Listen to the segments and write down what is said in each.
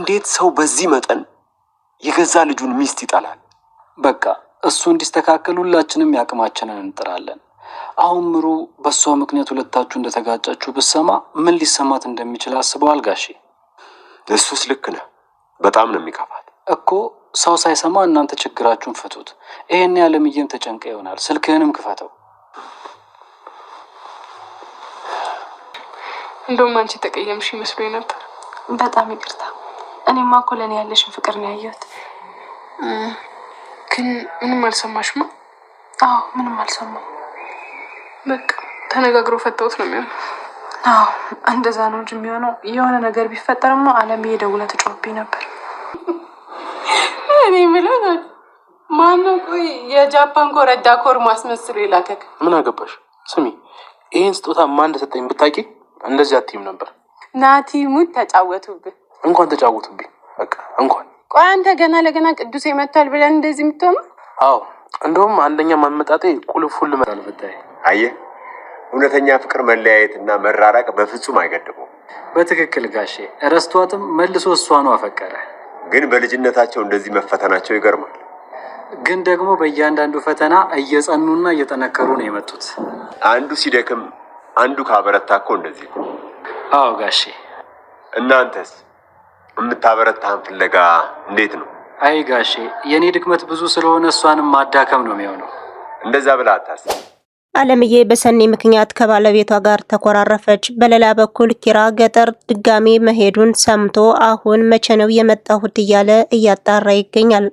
እንዴት ሰው በዚህ መጠን የገዛ ልጁን ሚስት ይጠላል? በቃ እሱ እንዲስተካከል ሁላችንም ያቅማችንን እንጥራለን። አሁን ምሩ በእሷ ምክንያት ሁለታችሁ እንደተጋጫችሁ ብሰማ ምን ሊሰማት እንደሚችል አስበዋል ጋሼ? እሱስ ልክ ነህ። በጣም ነው የሚከፋት እኮ። ሰው ሳይሰማ እናንተ ችግራችሁን ፍቱት። ይሄን ያለምዬም ተጨንቀ ይሆናል። ስልክህንም ክፈተው። እንደውም አንቺ ተቀየምሽ ይመስሉ ነበር። በጣም ይቅርታ እኔማ እኮ ለእኔ ያለሽን ፍቅር ነው ያየሁት። ግን ምንም አልሰማሽማ? አዎ ምንም አልሰማም። በቃ ተነጋግሮ ፈታሁት ነው የሚሆነው። አዎ እንደዛ ነው እንጂ የሚሆነው የሆነ ነገር ቢፈጠርማ አለም ደውላ ትጮህብኝ ነበር። እኔ የምለው ማነው? ቆይ የጃፓን ኮረዳ ኮር ማስመስሎ የላከክ ምን አገባሽ? ስሚ ይህን ስጦታ ማን እንደሰጠኝ ብታውቂ እንደዚህ አትይም ነበር። ናቲ ሙድ ተጫወቱብን። እንኳን ተጫወቱብኝ። በቃ እንኳን ቆይ፣ አንተ ገና ለገና ቅዱስ ይመጣል ብለን እንደዚህ የምትሆነው? አዎ፣ እንደውም አንደኛ ማመጣጤ ቁልፍ ሁሉ መጣል ፈታይ። አየህ፣ እውነተኛ ፍቅር መለያየትና መራራቅ በፍጹም አይገድበው። በትክክል ጋሼ፣ እረስቷትም መልሶ እሷ ነው አፈቀረ። ግን በልጅነታቸው እንደዚህ መፈተናቸው ይገርማል። ግን ደግሞ በእያንዳንዱ ፈተና እየጸኑና እየጠነከሩ ነው የመጡት። አንዱ ሲደክም አንዱ ካበረታ እኮ እንደዚህ አዎ ጋሼ፣ እናንተስ የምታበረታን ፍለጋ እንዴት ነው? አይ ጋሼ፣ የእኔ ድክመት ብዙ ስለሆነ እሷንም ማዳከም ነው የሚሆነው። እንደዛ ብላ አታስብ። አለምዬ በሰኔ ምክንያት ከባለቤቷ ጋር ተኮራረፈች። በሌላ በኩል ኪራ ገጠር ድጋሜ መሄዱን ሰምቶ አሁን መቼ ነው የመጣሁት እያለ እያጣራ ይገኛል።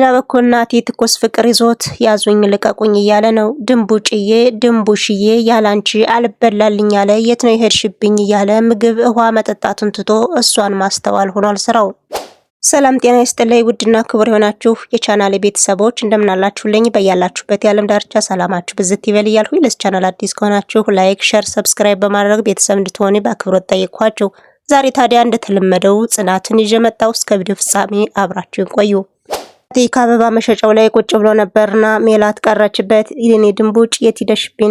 በሌላ በኩል ናቲ ትኩስ ፍቅር ይዞት ያዙኝ ልቀቁኝ እያለ ነው። ድንቡጭዬ ድንቡሽዬ ያላንቺ አልበላልኝ ያለ የት ነው የሄድሽብኝ እያለ ምግብ ውሃ መጠጣቱን ትቶ እሷን ማስተዋል ሆኗል ስራው። ሰላም ጤና ይስጥልኝ ውድና ክቡር የሆናችሁ የቻናል ቤተሰቦች እንደምናላችሁልኝ በያላችሁበት የዓለም ዳርቻ ሰላማችሁ ብዝት ይበል እያልሁ ለዚህ ቻናል አዲስ ከሆናችሁ ላይክ፣ ሸር፣ ሰብስክራይብ በማድረግ ቤተሰብ እንድትሆኑ በአክብሮት ጠይኳችሁ። ዛሬ ታዲያ እንደተለመደው ጽናትን ይዤ መጣሁ። እስከ ቪዲዮ ፍጻሜ አብራችሁን ቆዩ። ቲ ከአበባ መሸጫው ላይ ቁጭ ብሎ ነበርና ሜላት ቀረችበት። የኔ ድንቡጭ የት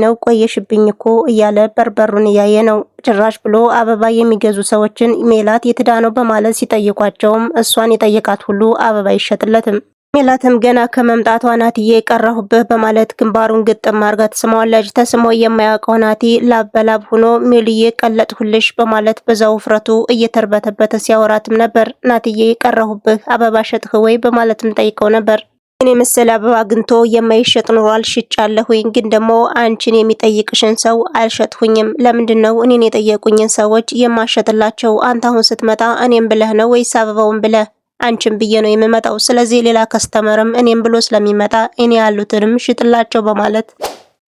ነው ቆየሽብኝ እኮ እያለ በርበሩን እያየ ነው። ጭራሽ ብሎ አበባ የሚገዙ ሰዎችን ሜላት የትዳ ነው በማለት ሲጠይቋቸውም እሷን የጠየቃት ሁሉ አበባ አይሸጥለትም። ሜላትም ገና ከመምጣቷ ናትዬ የቀረሁብህ በማለት ግንባሩን ግጥም አርጋ ትስመዋለች። ተስሞ የማያውቀው ናቲ ላብ በላብ ሆኖ ሜልዬ ቀለጥሁልሽ በማለት በዛው ውፍረቱ እየተርበተበተ ሲያወራትም ነበር። ናትዬ የቀረሁብህ አበባ ሸጥህ ወይ በማለትም ጠይቀው ነበር። እኔ መሰል አበባ አግኝቶ የማይሸጥ ኑሯል ሽጫለሁኝ፣ ግን ደግሞ አንቺን የሚጠይቅሽን ሰው አልሸጥሁኝም። ለምንድን ነው እኔን የጠየቁኝን ሰዎች የማሸጥላቸው? አንተ አሁን ስትመጣ እኔም ብለህ ነው ወይስ አበባውን ብለህ አንቺም ብዬ ነው የምመጣው። ስለዚህ ሌላ ከስተመርም እኔም ብሎ ስለሚመጣ እኔ ያሉትንም ሽጥላቸው በማለት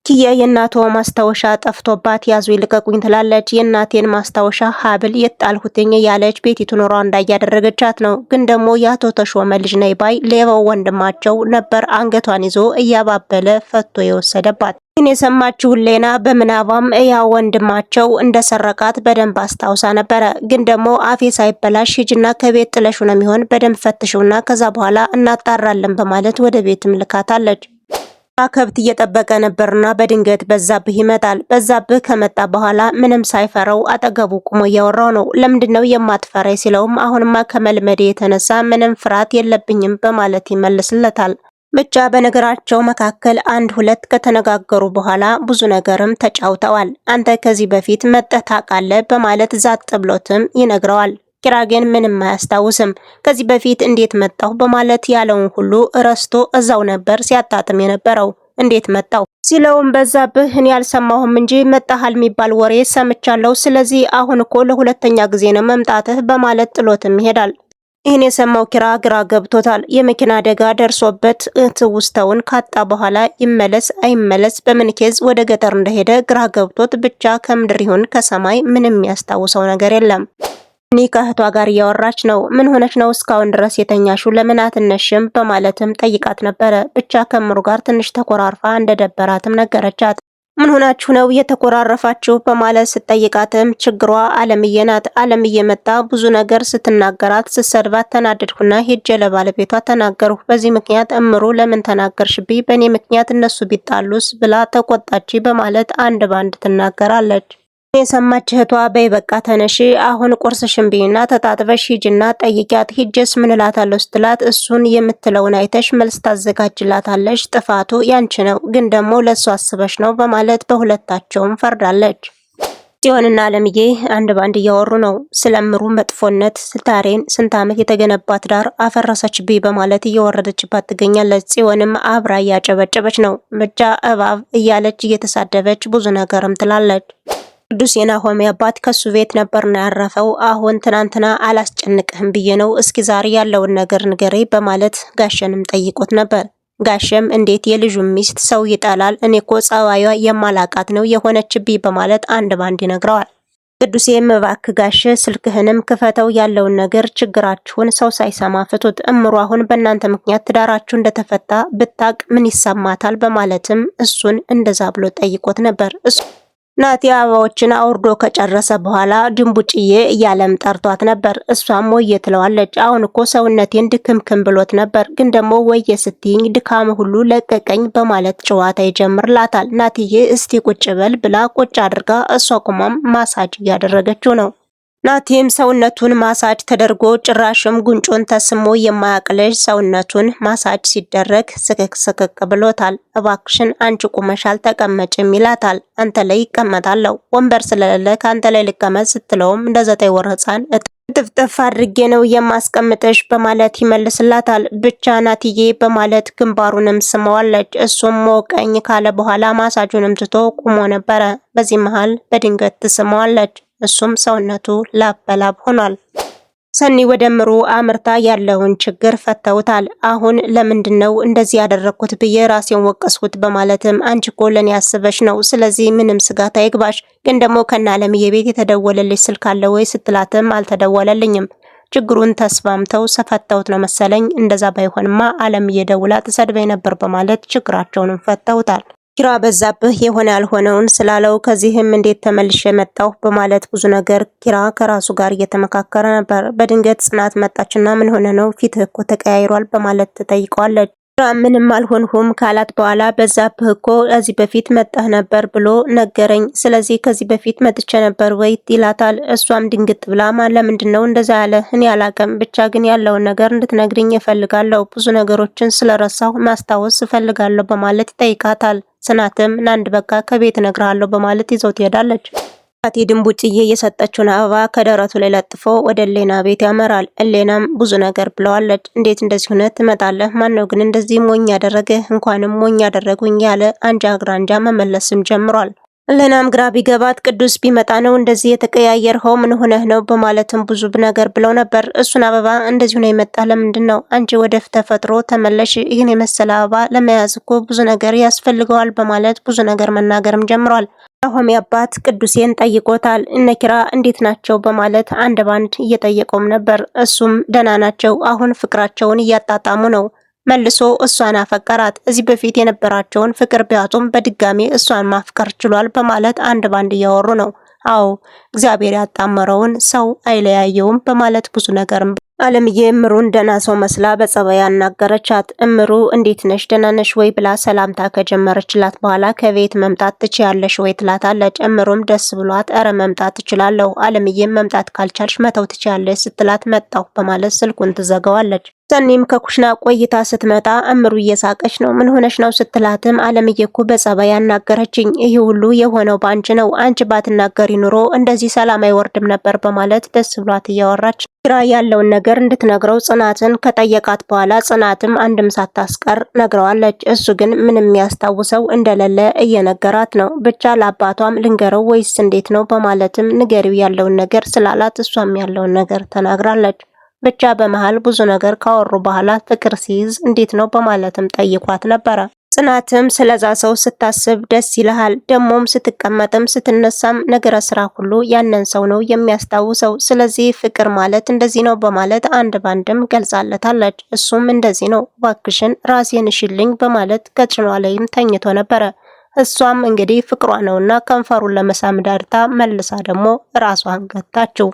ኪያ የእናቷ ማስታወሻ ጠፍቶባት ያዙ ይልቀቁኝ ትላለች። የእናቴን ማስታወሻ ሀብል የጣልሁትኝ ያለች ቤቲቱ ኖሯ እንዳያደረገቻት ነው። ግን ደግሞ የአቶ ተሾመ ልጅ ነይ ባይ ሌባው ወንድማቸው ነበር አንገቷን ይዞ እያባበለ ፈቶ የወሰደባት። ይህን የሰማችሁን ሌና በምናባም እያ ወንድማቸው እንደሰረቃት በደንብ አስታውሳ ነበረ። ግን ደግሞ አፌ ሳይበላሽ ሂጅና ከቤት ጥለሹ ነው የሚሆን በደንብ ፈትሽውና ከዛ በኋላ እናጣራለን በማለት ወደ ቤትም ልካታለች። ከብት እየጠበቀ ነበርና በድንገት በዛብህ ይመጣል። በዛብህ ከመጣ በኋላ ምንም ሳይፈረው አጠገቡ ቁሞ እያወራው ነው። ለምንድን ነው የማትፈራ ሲለውም አሁንማ ከመልመዴ የተነሳ ምንም ፍርሃት የለብኝም በማለት ይመልስለታል። ብቻ በነገራቸው መካከል አንድ ሁለት ከተነጋገሩ በኋላ ብዙ ነገርም ተጫውተዋል። አንተ ከዚህ በፊት መጠህ ታውቃለህ በማለት ዛጥ ብሎትም ይነግረዋል። ኪራ ግን ምንም አያስታውስም። ከዚህ በፊት እንዴት መጣሁ በማለት ያለውን ሁሉ እረስቶ እዛው ነበር ሲያጣጥም የነበረው። እንዴት መጣው ሲለውም በዛብህ እኔ አልሰማሁም እንጂ መጣሃል የሚባል ወሬ ሰምቻለሁ። ስለዚህ አሁን እኮ ለሁለተኛ ጊዜ ነው መምጣትህ በማለት ጥሎትም ይሄዳል። ይህን የሰማው ኪራ ግራ ገብቶታል። የመኪና አደጋ ደርሶበት ውስተውን ካጣ በኋላ ይመለስ አይመለስ፣ በምን ኬዝ ወደ ገጠር እንደሄደ ግራ ገብቶት ብቻ ከምድር ይሁን ከሰማይ ምንም የሚያስታውሰው ነገር የለም። ኒ ከእህቷ ጋር እያወራች ነው። ምን ሆነች ነው እስካሁን ድረስ የተኛሹ ለምን አትነሽም? በማለትም ጠይቃት ነበረ። ብቻ ከምሩ ጋር ትንሽ ተኮራርፋ እንደደበራትም ነገረቻት። ምን ሆናችሁ ነው የተኮራረፋችሁ? በማለት ስጠይቃትም ችግሯ አለምዬ ናት። አለምዬ መጣ ብዙ ነገር ስትናገራት ስትሰድባት ተናደድኩና ሄጄ ለባለቤቷ ተናገርሁ። በዚህ ምክንያት እምሩ ለምን ተናገርሽብኝ? በእኔ ምክንያት እነሱ ቢጣሉስ? ብላ ተቆጣች በማለት አንድ ባንድ ትናገራለች። የሰማች እህቷ በይ በቃ ተነሺ አሁን ቁርስ ብይና ተጣጥበሽ ሂጅና ጠይቂያት ሂጅስ ምን እላታለሁ ስትላት እሱን የምትለውን አይተሽ መልስ ታዘጋጅላታለሽ ጥፋቱ ያንቺ ነው ግን ደግሞ ለእሱ አስበሽ ነው በማለት በሁለታቸውም ፈርዳለች ጽዮንና አለምዬ አንድ ባንድ እያወሩ ነው ስለምሩ መጥፎነት ስታሬን ስንት ዓመት የተገነባ ትዳር አፈረሰችብኝ በማለት እየወረደችባት ትገኛለች ጽዮንም አብራ እያጨበጨበች ነው ምጃ እባብ እያለች እየተሳደበች ብዙ ነገርም ትላለች ቅዱስ የናሆሜ አባት ከሱ ቤት ነበርና ያረፈው። አሁን ትናንትና አላስጨንቅህም ብዬ ነው፣ እስኪ ዛሬ ያለውን ነገር ንገሬ በማለት ጋሸንም ጠይቆት ነበር። ጋሸም እንዴት የልጁ ሚስት ሰው ይጠላል? እኔ እኮ የማላቃት ነው የሆነችብኝ በማለት አንድ ባንድ ይነግረዋል። ቅዱሴም እባክህ ጋሼ ስልክህንም ክፈተው፣ ያለውን ነገር ችግራችሁን ሰው ሳይሰማ ፍቱት። እምሩ አሁን በእናንተ ምክንያት ትዳራችሁ እንደተፈታ ብታቅ ምን ይሰማታል? በማለትም እሱን እንደዛ ብሎ ጠይቆት ነበር። ናቲ አበባዎችን አውርዶ ከጨረሰ በኋላ ድንቡጭዬ እያለም ጠርቷት ነበር። እሷም ወየ ትለዋለች። አሁን እኮ ሰውነቴን ድክምክም ብሎት ነበር፣ ግን ደግሞ ወየ ስትይኝ ድካም ሁሉ ለቀቀኝ በማለት ጨዋታ ይጀምርላታል። ናትዬ እስቲ ቁጭ በል ብላ ቁጭ አድርጋ እሷ ቁማም ማሳጅ እያደረገችው ነው። ናቲም ሰውነቱን ማሳጅ ተደርጎ ጭራሽም ጉንጮን ተስሞ የማያቅልሽ ሰውነቱን ማሳጅ ሲደረግ ስክክ ስክክ ብሎታል። እባክሽን አንቺ ቁመሻል አልተቀመጭም ይላታል። አንተ ላይ ይቀመጣለሁ ወንበር ስለሌለ ከአንተ ላይ ልቀመጥ ስትለውም እንደ ዘጠኝ ወር ህፃን ጥፍጥፍ አድርጌ ነው የማስቀምጥሽ በማለት ይመልስላታል። ብቻ ናትዬ በማለት ግንባሩንም ስመዋለች። እሱም ሞቀኝ ካለ በኋላ ማሳጁንም ትቶ ቁሞ ነበረ። በዚህ መሃል በድንገት ትስመዋለች። እሱም ሰውነቱ ላብ በላብ ሆኗል። ሰኒ ወደ ምሩ አምርታ ያለውን ችግር ፈተውታል። አሁን ለምንድን ነው እንደዚህ ያደረግኩት ብዬ ራሴን ወቀስኩት በማለትም አንቺ እኮ ለኔ ነው፣ ስለዚህ ምንም ስጋት አይግባሽ፣ ግን ደግሞ ከነ አለምዬ ቤት የተደወለልሽ ስልክ አለ ወይ ስትላትም አልተደወለልኝም ችግሩን ተስማምተው ሰፈተውት ነው መሰለኝ። እንደዛ ባይሆንማ አለም የደውላ ትሰድበኝ ነበር በማለት ችግራቸውንም ፈተውታል። ኪራ በዛብህ የሆነ ያልሆነውን ስላለው ከዚህም እንዴት ተመልሼ መጣሁ በማለት ብዙ ነገር ኪራ ከራሱ ጋር እየተመካከረ ነበር። በድንገት ጽናት መጣችና ምን ሆነ ነው ፊትህ እኮ ተቀያይሯል በማለት ትጠይቀዋለች። ኪራ ምንም አልሆንሁም ካላት በኋላ በዛብህ እኮ ከዚህ በፊት መጣህ ነበር ብሎ ነገረኝ። ስለዚህ ከዚህ በፊት መጥቼ ነበር ወይ ይላታል። እሷም ድንግጥ ብላ ማን ለምንድን ነው እንደዛ ያለ እኔ አላቅም፣ ብቻ ግን ያለውን ነገር እንድትነግርኝ እፈልጋለሁ። ብዙ ነገሮችን ስለረሳሁ ማስታወስ እፈልጋለሁ በማለት ይጠይቃታል። ጽናትም ናንድ በቃ ከቤት እነግርሃለሁ በማለት ይዘው ትሄዳለች። አቲ ድንቡጭዬ የሰጠችውን አበባ ከደረቱ ላይ ለጥፎ ወደ ሌና ቤት ያመራል። እሌናም ብዙ ነገር ብለዋለች። እንዴት እንደዚህ ሆነ ትመጣለህ? ነው ግን እንደዚህ ሞኝ ያደረግህ? እንኳንም ሞኝ ያደረጉኝ ያለ አንጃ ግራንጃ መመለስም ጀምሯል። እሌናም ግራ ቢገባት ቅዱስ ቢመጣ ነው እንደዚህ የተቀያየርኸው ምን ሆነህ ነው በማለትም ብዙ ነገር ብለው ነበር። እሱን አበባ እንደዚህ ሆነ የመጣ ለምንድን ነው? አንቺ ወደ ተፈጥሮ ተመለሽ። ይህን የመሰለ አበባ ለመያዝ እኮ ብዙ ነገር ያስፈልገዋል በማለት ብዙ ነገር መናገርም ጀምሯል። የናሆሚ አባት ቅዱሴን ጠይቆታል። እነኪራ እንዴት ናቸው በማለት አንድ ባንድ እየጠየቀውም ነበር። እሱም ደህና ናቸው፣ አሁን ፍቅራቸውን እያጣጣሙ ነው። መልሶ እሷን አፈቀራት። እዚህ በፊት የነበራቸውን ፍቅር ቢያጡም በድጋሚ እሷን ማፍቀር ችሏል በማለት አንድ ባንድ እያወሩ ነው። አዎ እግዚአብሔር ያጣመረውን ሰው አይለያየውም በማለት ብዙ ነገርም አለምዬ እምሩን ደህና ሰው መስላ በጸባይ አናገረቻት። እምሩ እንዴት ነሽ ደህና ነሽ ወይ ብላ ሰላምታ ከጀመረችላት በኋላ ከቤት መምጣት ትችያለሽ ወይ ትላታለች። እምሩም ደስ ብሏት እረ መምጣት ትችላለሁ፣ አለምዬም መምጣት ካልቻልሽ መተው ትችያለሽ ስትላት መጣሁ በማለት ስልኩን ትዘጋዋለች። ሰኒም ከኩሽና ቆይታ ስትመጣ እምሩ እየሳቀች ነው። ምን ሆነሽ ነው ስትላትም አለምዬ እኮ በጸባይ ያናገረችኝ፣ ይህ ሁሉ የሆነው በአንቺ ነው። አንቺ ባትናገሪ ኑሮ እንደዚህ ሰላም አይወርድም ነበር በማለት ደስ ብሏት እያወራች ግራ ያለውን ነገር እንድትነግረው ጽናትን ከጠየቃት በኋላ ጽናትም አንድም ሳታስቀር ነግረዋለች። እሱ ግን ምንም የሚያስታውሰው እንደሌለ እየነገራት ነው። ብቻ ለአባቷም ልንገረው ወይስ እንዴት ነው በማለትም ንገሪው ያለውን ነገር ስላላት እሷም ያለውን ነገር ተናግራለች። ብቻ በመሃል ብዙ ነገር ካወሩ በኋላ ፍቅር ሲይዝ እንዴት ነው በማለትም ጠይቋት ነበረ። ጽናትም ስለዛ ሰው ስታስብ ደስ ይልሃል። ደግሞም ስትቀመጥም ስትነሳም ነገረ ስራ ሁሉ ያንን ሰው ነው የሚያስታውሰው። ስለዚህ ፍቅር ማለት እንደዚህ ነው በማለት አንድ ባንድም ገልጻለታለች። እሱም እንደዚህ ነው እባክሽን ራሴን ሽልኝ በማለት ከጭኗ ላይም ተኝቶ ነበረ። እሷም እንግዲህ ፍቅሯ ነውና ከንፈሩን ለመሳም ዳርታ መልሳ ደግሞ ራሷን ገታችው።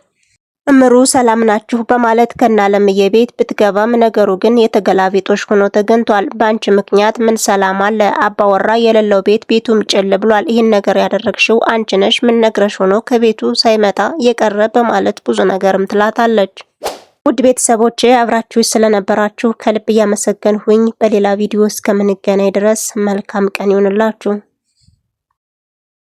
እምሩ ሰላም ናችሁ በማለት ከናለምዬ ቤት ብትገባም ነገሩ ግን የተገላቢጦሽ ሆኖ ተገኝቷል። በአንቺ ምክንያት ምን ሰላም አለ? አባወራ የሌለው ቤት ቤቱም ጭል ብሏል። ይህን ነገር ያደረግሽው አንቺ ነሽ፣ ምን ነግረሽ ሆኖ ከቤቱ ሳይመጣ የቀረ በማለት ብዙ ነገርም ትላታለች። ውድ ቤተሰቦች አብራችሁ ስለነበራችሁ ከልብ እያመሰገንሁኝ በሌላ ቪዲዮ እስከምንገናኝ ድረስ መልካም ቀን ይሁንላችሁ።